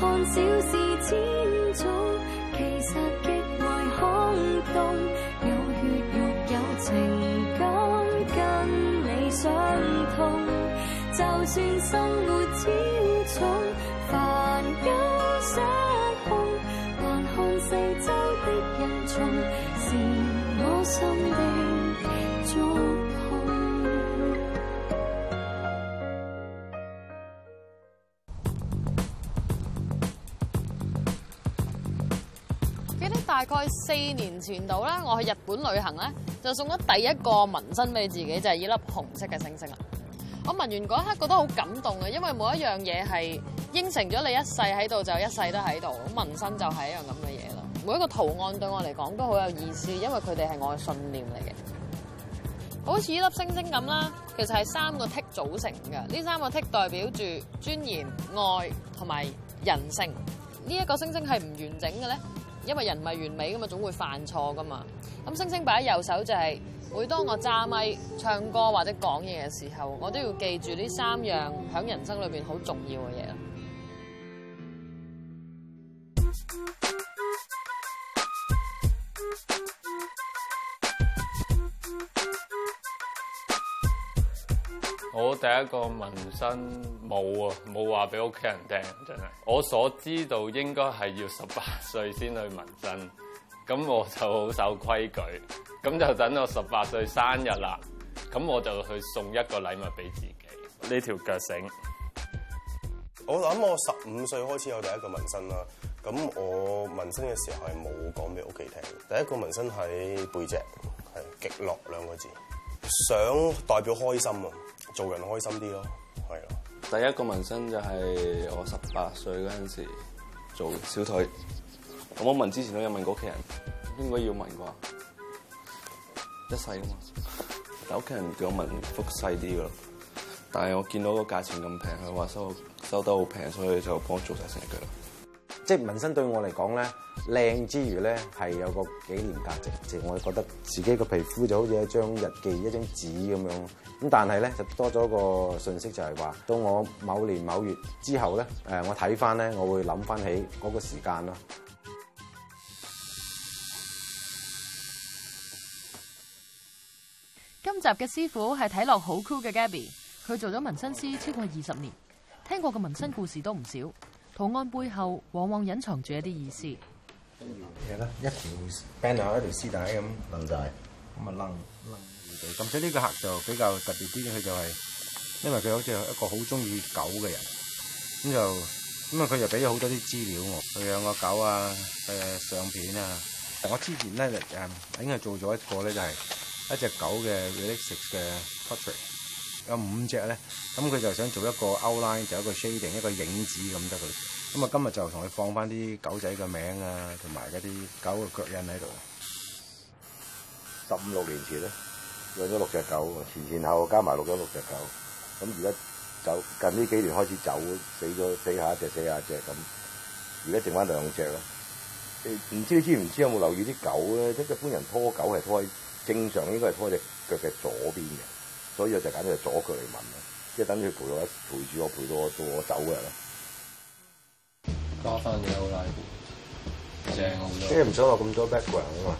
看小事千種，其實極為空洞。有血肉有情感，跟你相通。就算生活。大概四年前度啦，我去日本旅行咧，就送咗第一個紋身俾自己，就係呢粒紅色嘅星星啦。我紋完嗰一刻，覺得好感動啊，因為每一樣嘢係應承咗你一世喺度，就一世都喺度。咁紋身就係一樣咁嘅嘢咯。每一個圖案對我嚟講都好有意思，因為佢哋係我嘅信念嚟嘅。好似呢粒星星咁啦，其實係三個剔組成嘅。呢三個剔代表住尊嚴、愛同埋人性。呢一個星星係唔完整嘅咧。因為人唔係完美噶嘛，總會犯錯噶嘛。咁星星擺喺右手就係每當我揸咪唱歌或者講嘢嘅時候，我都要記住呢三樣喺人生裏面好重要嘅嘢。我第一個紋身冇啊，冇話俾屋企人聽，真係我所知道應該係要十八歲先去紋身，咁我就好守規矩，咁就等我十八歲生日啦，咁我就去送一個禮物俾自己，呢條腳繩。我諗我十五歲開始有第一個紋身啦，咁我紋身嘅時候係冇講俾屋企聽，第一個紋身喺背脊，係極樂兩個字，想代表開心啊。做人開心啲咯，係啊！第一個紋身就係我十八歲嗰陣時候做小腿，咁我問之前都有問過屋企人，應該要問啩，一世啊嘛！但屋企人叫我紋幅細啲嘅，但係我見到個價錢咁平，佢話收收得好平，所以就幫我做晒成隻腳。即係紋身對我嚟講咧，靚之餘咧係有個紀念價值。即係我會覺得自己個皮膚就好似一張日記、一張紙咁樣。咁但係咧，就多咗個信息就，就係話到我某年某月之後咧，誒我睇翻咧，我會諗翻起嗰個時間咯。今集嘅師傅係睇落好 cool 嘅 Gabby，佢做咗紋身師超過二十年，聽過嘅紋身故事都唔少。圖案背後往往隱藏住一啲意思。咁樣嘅啦，一條 band 啊，一條絲帶咁掹大，咁啊掹掹住。咁所以呢個客就比較特別啲，佢就係因為佢好似一個好中意狗嘅人，咁就咁啊佢就俾咗好多啲資料我，佢養個狗啊，誒相片啊。我之前咧誒應該做咗一個咧就係一隻狗嘅嗰啲食嘅 portrait。有五隻咧，咁佢就想做一個 outline，就一個 shading，一個影子咁得佢。咁啊，今日就同佢放翻啲狗仔嘅名啊，同埋嗰啲狗嘅腳印喺度。十五六年前咧，養咗六隻狗，前前後後加埋六咗六隻狗。咁而家就近呢幾年開始走，死咗死吓一隻，死吓一隻咁。而家剩翻兩隻啦。唔知你知唔知有冇留意啲狗咧？即一般人拖狗係拖正常應該係拖隻腳嘅左邊嘅。所以我就係簡直係左嚟問，即係等住陪我，陪住我，我，陪到我到我走嘅人啦。加嘢好睇，正好即係唔想落咁多 background 啊嘛。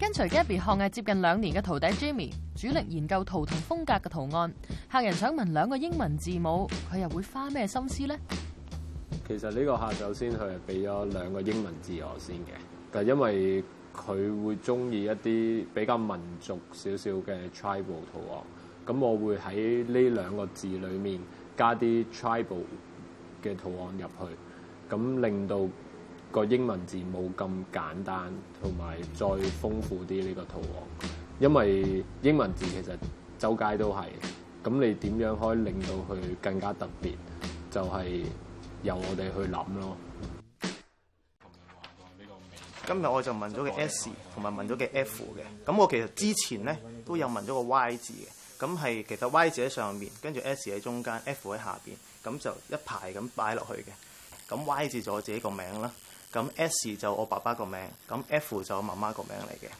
跟隨 Gabe 學藝接近兩年嘅徒弟 Jimmy，主力研究圖騰風格嘅圖案。客人想問兩個英文字母，佢又會花咩心思咧？其實呢個客首先佢係俾咗兩個英文字我先嘅，但係因為佢會中意一啲比較民族少少嘅 tribal 圖案，咁我會喺呢兩個字裏面加啲 tribal 嘅圖案入去，咁令到個英文字冇咁簡單，同埋再豐富啲呢個圖案。因為英文字其實周街都係，咁你點樣可以令到佢更加特別？就係、是。由我哋去諗咯。今日我就問咗個 S 同埋問咗個 F 嘅。咁我其實之前呢都有問咗個 Y 字嘅。咁係其實 Y 字喺上面，跟住 S 喺中間，F 喺下面。咁就一排咁擺落去嘅。咁 Y 字就我自己個名啦。咁 S 就我爸爸個名，咁 F 就我媽媽個名嚟嘅。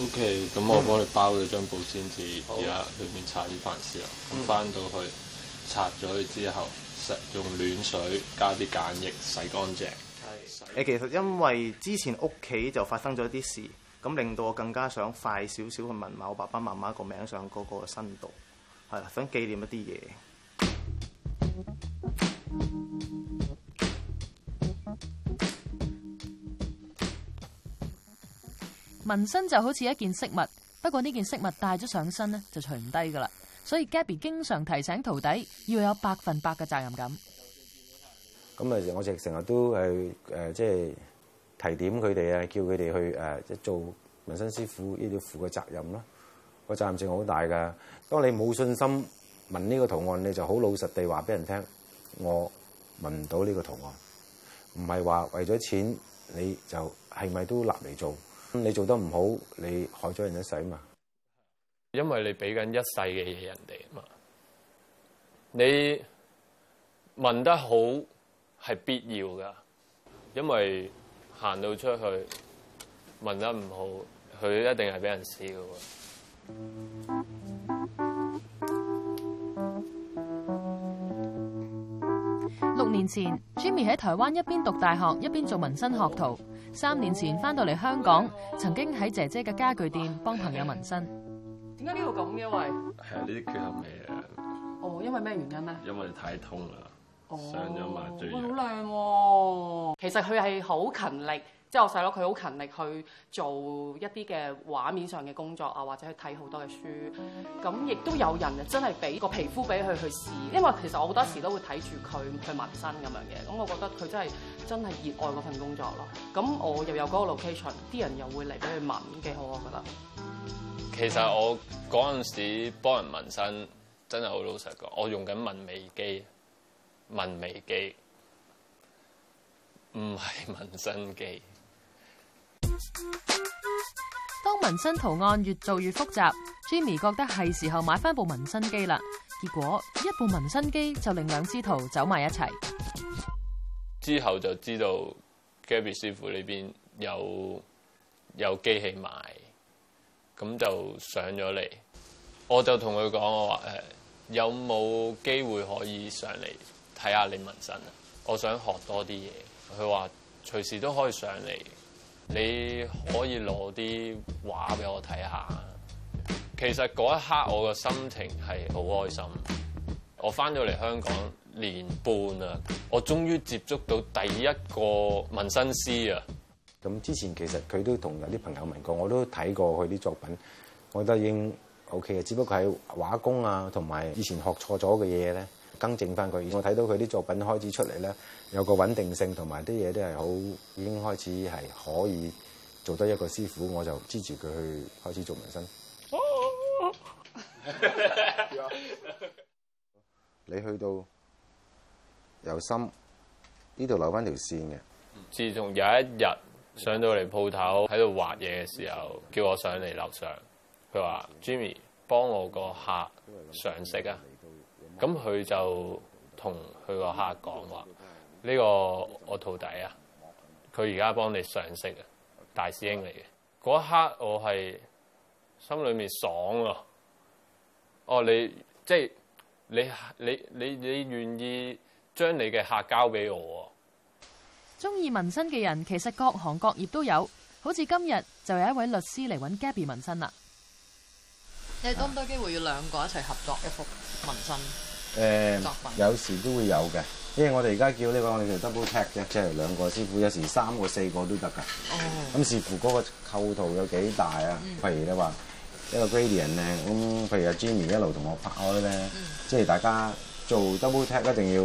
O K，咁我幫你包咗張保鮮紙，而家裏面搽啲凡士林，咁翻到去搽咗之後，用暖水加啲梘液洗乾淨。誒，其實因為之前屋企就發生咗啲事，咁令到我更加想快少少去紋下我爸爸媽媽個名上嗰個身度，係啦，想紀念一啲嘢。紋身就好似一件飾物，不過呢件飾物帶咗上身咧就除唔低噶啦。所以 Gabby 經常提醒徒弟要有百分百嘅責任感。咁啊，我直成日都係誒，即係，提點佢哋啊，叫佢哋去誒、呃、做紋身師傅，呢要負嘅責任咯。個責任性好大噶。當你冇信心紋呢個圖案，你就好老實地話俾人聽，我紋唔到呢個圖案，唔係話為咗錢你就係咪都立嚟做？咁你做得唔好，你害咗人一世嘛？因為你俾緊一世嘅嘢人哋嘛。你紋得好係必要噶，因為行到出去紋得唔好，佢一定係俾人笑。三年前，Jimmy 喺台灣一邊讀大學一邊做紋身學徒。三年前翻到嚟香港，曾經喺姐姐嘅家具店幫朋友紋身。點解呢度咁嘅喂？係啊，呢啲缺陷嚟啊。哦，因為咩原因呢？因為太痛啦。哦。上咗麻醉藥。好靚喎。其實佢係好勤力。即係我細佬，佢好勤力去做一啲嘅畫面上嘅工作啊，或者去睇好多嘅書。咁亦都有人啊，真係俾個皮膚俾佢去試，因為其實我好多時都會睇住佢去紋身咁樣嘅。咁我覺得佢真係真係熱愛嗰份工作咯。咁我又有嗰個 location，啲人又會嚟俾佢紋，幾好，我覺得。其實我嗰陣、嗯、時幫人紋身，真係好老實講，我用緊紋眉機，紋眉機唔係紋身機。當紋身圖案越做越複雜，Jimmy 覺得係時候買翻部紋身機啦。結果一部紋身機就令兩師徒走埋一齊。之後就知道 Gabby 師傅呢邊有有機器買，咁就上咗嚟。我就同佢講，我話誒，有冇機會可以上嚟睇下你紋身啊？我想學多啲嘢。佢話隨時都可以上嚟。你可以攞啲畫俾我睇下。其實嗰一刻我嘅心情係好開心。我翻咗嚟香港年半啦，我終於接觸到第一個紋身師啊。咁之前其實佢都同有啲朋友問過，我都睇過佢啲作品，我覺得已經 OK 嘅。只不過係畫工啊，同埋以前學錯咗嘅嘢咧。更正翻佢，我睇到佢啲作品開始出嚟咧，有個穩定性，同埋啲嘢都係好，已經開始係可以做得一個師傅，我就支持佢去開始做紋身。 你去到由心呢度留翻條線嘅。自從有一日上到嚟鋪頭喺度畫嘢嘅時候，叫我上嚟樓上，佢話：Jimmy，幫我個客上色啊！咁佢就同佢個客講話，呢個我徒弟啊，佢而家幫你上色啊，大師兄嚟嘅。嗰一刻我係心裏面爽喎，哦，你即係你你你你你願意將你嘅客交俾我啊？中意紋身嘅人其實各行各業都有，好似今日就有一位律師嚟揾 Gabby 紋身啦。你多唔多機會要兩個一齊合作一幅紋身？誒、呃，有時都會有嘅，因為我哋而家叫呢個我哋叫 double tack 啫，即係兩個師傅，有時三個四個都得㗎。哦，咁視乎嗰個構圖有幾大啊？嗯、譬如你話一個 gradient 咧，咁譬如阿 Jimmy 一路同我拍開咧、嗯，即係大家做 double tack 一定要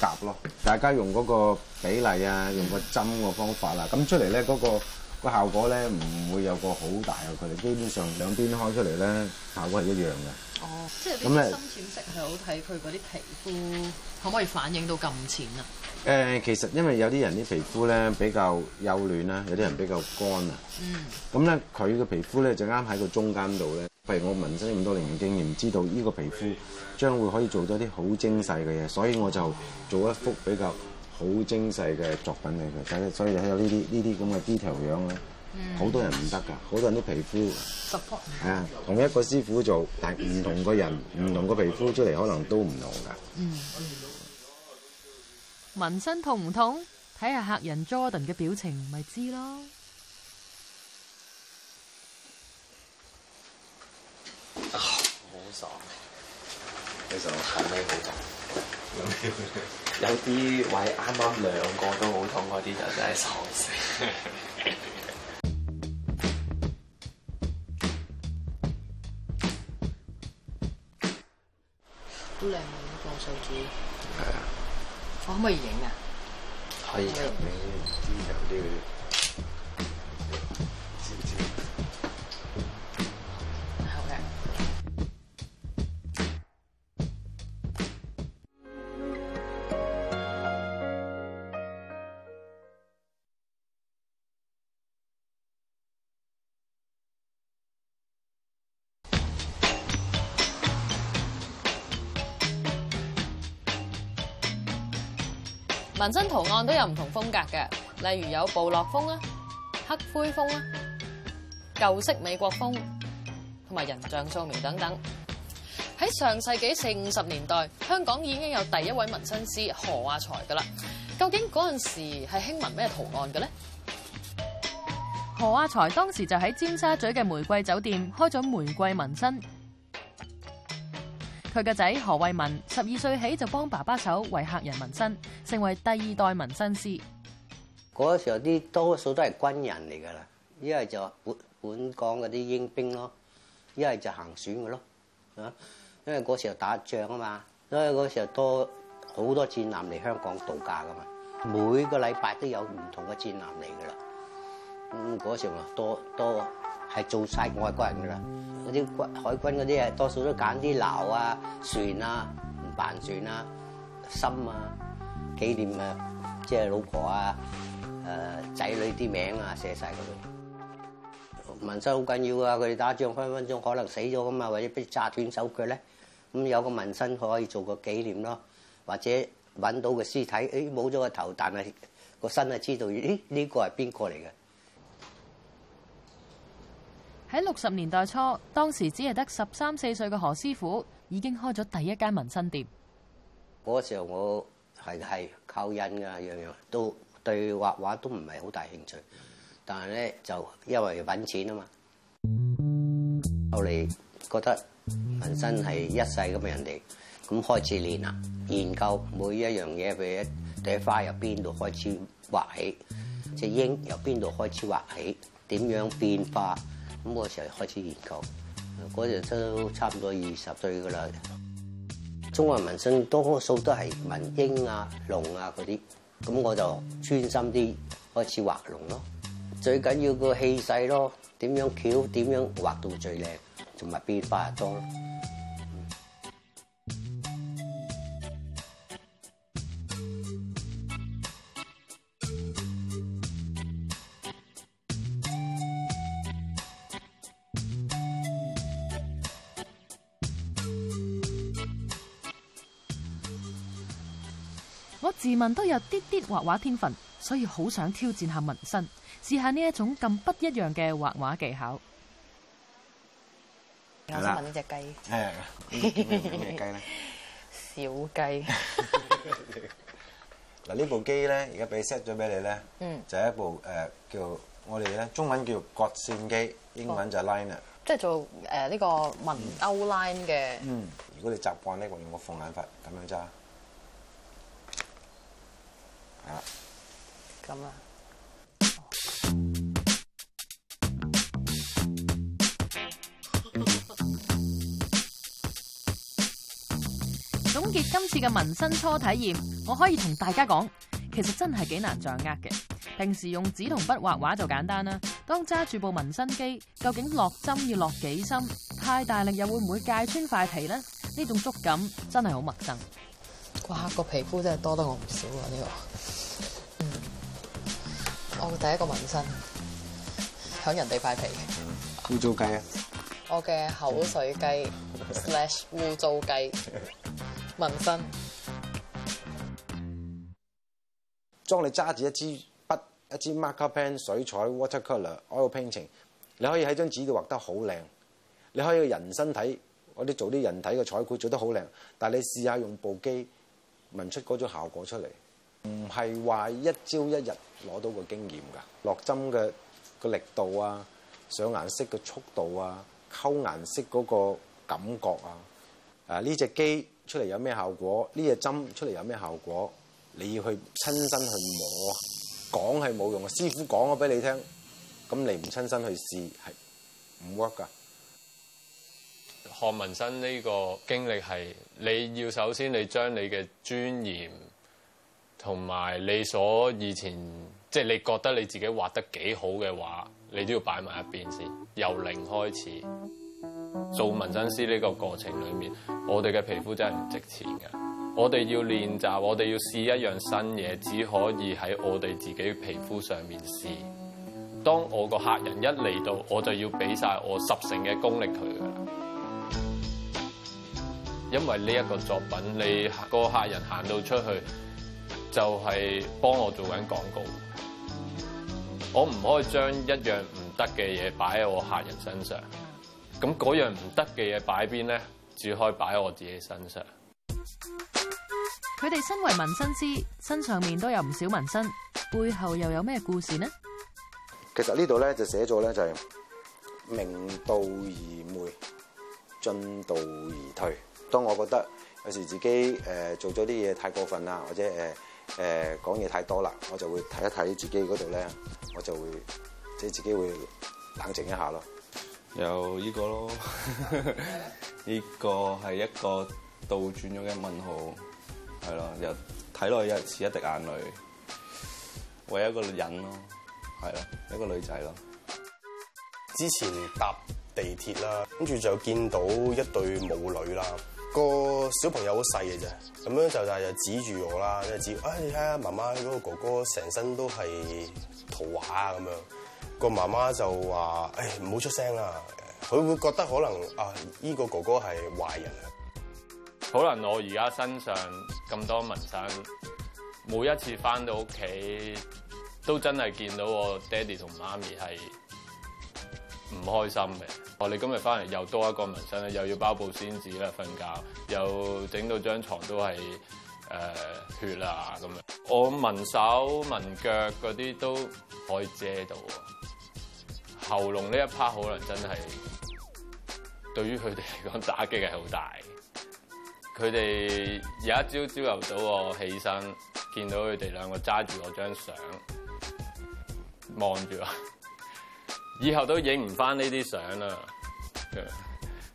夾咯。大家用嗰個比例啊，用個針個方法啦咁出嚟咧嗰個。個效果咧唔會有個好大嘅距離，基本上兩邊開出嚟咧效果係一樣嘅。哦，即係啲深淺色係好睇，佢嗰啲皮膚可唔可以反映到咁淺啊？誒，其實因為有啲人啲皮膚咧比較幼嫩啦，有啲人比較乾啊。嗯。咁咧，佢嘅皮膚咧就啱喺個中間度咧。譬如我紋身咁多年經驗，知道呢個皮膚將會可以做多啲好精細嘅嘢，所以我就做一幅比較好精細嘅作品嚟嘅，所以睇到呢啲呢啲咁嘅 detail 樣咧，好、嗯、多人唔得㗎，好多人都皮膚 support 係啊，同一個師傅做，但係唔同個人唔同個皮膚出嚟，可能都唔同㗎。嗯，嗯，紋身痛唔痛？睇下客人 Jordan 嘅表情咪知咯，啊。好爽，其實我睇你好有啲位啱啱兩個都好痛那些，嗰啲就真係慘死。都嚟放手指。係啊。可唔可以影啊？可以，你知有啲。紋身圖案都有唔同風格嘅，例如有部落風啦、黑灰風啦、舊式美國風，同埋人像素描等等。喺上世紀四五十年代，香港已經有第一位紋身師何阿財噶啦。究竟嗰陣時係興紋咩圖案嘅呢？何阿財當時就喺尖沙咀嘅玫瑰酒店開咗玫瑰紋身。佢個仔何衛民十二歲起就幫爸爸手為客人紋身，成為第二代紋身師。嗰個時候啲多數都係軍人嚟噶啦，一係就本本港嗰啲英兵咯，一係就行船嘅咯，啊，因為嗰時候打仗啊嘛，所以嗰時候多好多戰艦嚟香港度假噶嘛，每個禮拜都有唔同嘅戰艦嚟噶啦，咁嗰時候啊多多係做晒外國人噶啦。啲海軍嗰啲啊，多數都揀啲銅啊、船啊、帆船啊、心啊，紀念啊，即係老婆啊、誒、呃、仔女啲名啊，寫晒。嗰度紋身好緊要㗎、啊。佢哋打仗分分鐘可能死咗㗎嘛，或者俾炸斷手腳咧。咁有個紋身可以做個紀念咯，或者揾到個屍體，誒冇咗個頭，但係個身係知道，誒、哎、呢、呢個係邊個嚟嘅？喺六十年代初，當時只係得十三四歲嘅何師傅已經開咗第一間紋身店。嗰時候我係係靠印㗎，樣樣都對畫畫都唔係好大興趣。但係咧就因為揾錢啊嘛，後嚟 覺得紋身係一世咁嘅，人哋咁開始練啦，研究每一樣嘢，譬如一朵花由邊度開始畫起，隻鷹由邊度開始畫起，點樣變化。咁我就開始研究，嗰陣都差唔多二十歲㗎喇。中國民術多數都係文英啊、龍啊嗰啲，咁我就專心啲開始畫龍咯。最緊要個氣勢咯，點樣巧，點樣畫到最靚，同埋變化多。我自問都有啲啲畫畫天分，所以好想挑戰下紋身，試下呢一種咁不一樣嘅畫畫技巧。我想問呢隻雞，係咩雞咧？小雞。嗱，呢部機咧，而家俾 set 咗俾你咧，嗯，就係一部誒叫我哋咧中文叫割線機，英文就係 liner，即係做誒呢個紋 outline 嘅。嗯，如果你習慣咧，用個鳳眼法咁樣揸。啊，咁啊！總結今次嘅紋身初體驗，我可以同大家講，其實真係幾難掌握嘅。平時用紙同筆畫畫就簡單啦，當揸住部紋身機，究竟落針要落幾深？太大力又會唔會界穿塊皮呢？呢種觸感真係好陌生。哇！個皮膚真係多得我唔少啊。呢、嗯、個，我我第一個紋身喺人哋塊皮污糟雞啊！我嘅口水雞 slash 污糟雞紋身。當 你揸住一支筆、一支 marker pen、水彩 （watercolor）、oil painting，你可以喺張紙度畫得好靚。你可以人身體我啲做啲人體嘅彩繪，做得好靚。但係你試下用部機。聞出嗰種效果出嚟，唔係話一朝一日攞到個經驗㗎。落針嘅個力度啊，上顏色嘅速度啊，溝顏色嗰個感覺啊，啊呢隻機出嚟有咩效果？呢隻針出嚟有咩效果？你要去親身去摸，講係冇用。師傅講咗俾你聽，咁你唔親身去試係唔 work 㗎。是不學紋身呢個經歷係，你要首先你將你嘅尊嚴同埋你所以前即係、就是、你覺得你自己畫得幾好嘅話你都要擺埋一邊先，由零開始做紋身師呢個過程裏面，我哋嘅皮膚真係唔值錢嘅。我哋要練習，我哋要試一樣新嘢，只可以喺我哋自己的皮膚上面試。當我個客人一嚟到，我就要俾晒我十成嘅功力佢噶啦。因為呢一個作品，你、個客人行到出去就係、是、幫我做緊廣告。我唔可以將一樣唔得嘅嘢擺喺我客人身上。咁嗰樣唔得嘅嘢擺邊咧？只可以擺喺我自己身上。佢哋身為紋身師，身上面都有唔少紋身，背後又有咩故事呢？其實呢度咧就寫咗咧，就係、是、明道而昧，進道而退。當我覺得有時自己誒、呃、做咗啲嘢太過分啦，或者誒誒講嘢太多啦，我就會睇一睇自己嗰度咧，我就會即係自己會冷靜一下咯。有依個咯，呢 個係一個倒轉咗嘅問號，係咯。又睇落去，又似一滴眼淚，為一個人咯，係咯，一個女仔咯。之前搭地鐵啦，跟住就見到一對母女啦。個小朋友好細嘅啫，咁樣就指就指住我啦，即係指，哎你睇下媽媽嗰個哥哥成身都係圖畫啊咁樣，個媽媽就話，哎唔好出聲啦，佢會覺得可能啊呢個哥哥係壞人啊。可能我而家身上咁多紋身，每一次翻到屋企都真係見到我爹哋同媽咪係。唔開心嘅，我哋今日翻嚟又多一個紋身啦，又要包保鮮紙啦，瞓覺又整到張床都係誒、呃、血啦咁樣。我紋手紋腳嗰啲都可以遮到，喉嚨呢一 part 可能真係對於佢哋嚟講打擊係好大。佢哋有一朝朝頭早我起身，見到佢哋兩個揸住我張相望住我以後都影唔翻呢啲相啦。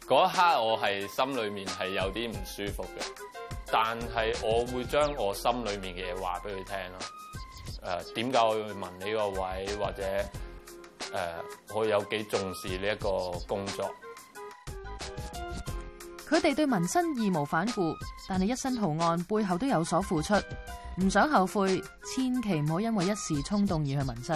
嗰一刻我係心裏面係有啲唔舒服嘅，但係我會將我心裏面嘅嘢話俾佢聽咯。誒點解我要問你個位，或者誒、呃、我有幾重視呢一個工作？佢哋對紋身義無反顧，但係一身圖案背後都有所付出，唔想後悔，千祈唔好因為一時衝動而去紋身。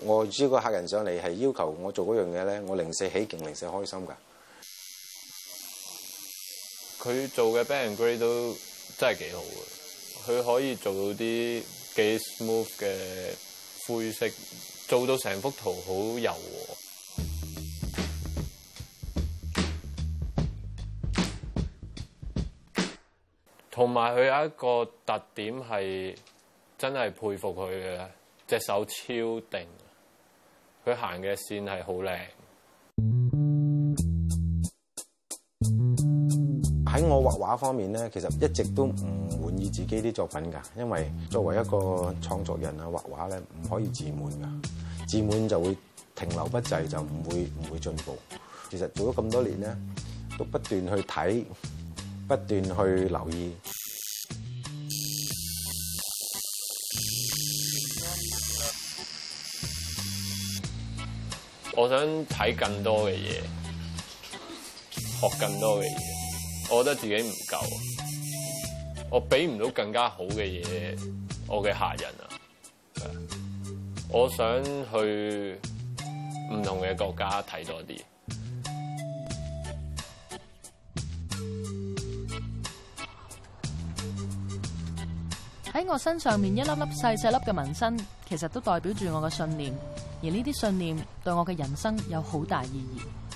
我知個客人上嚟係要求我做嗰樣嘢咧，我零舍起勁，零舍開心㗎。佢做嘅 black and grey 都真係幾好嘅，佢可以做到啲幾 smooth 嘅灰色，做到成幅圖好柔和。同埋佢有一個特點係真係佩服佢嘅隻手超定。佢行嘅線係好靚。喺我畫畫方面咧，其實一直都唔滿意自己啲作品㗎，因為作為一個創作人啊，畫畫咧唔可以自滿㗎，自滿就會停留不滯，就唔會唔會進步。其實做咗咁多年咧，都不斷去睇，不斷去留意。我想睇更多嘅嘢，學更多嘅嘢。我覺得自己唔夠，我俾唔到更加好嘅嘢我嘅客人啊！我想去唔同嘅國家睇多啲。喺我身上面一粒粒細細粒嘅紋身，其實都代表住我嘅信念。而呢啲信念對我嘅人生有好大意義。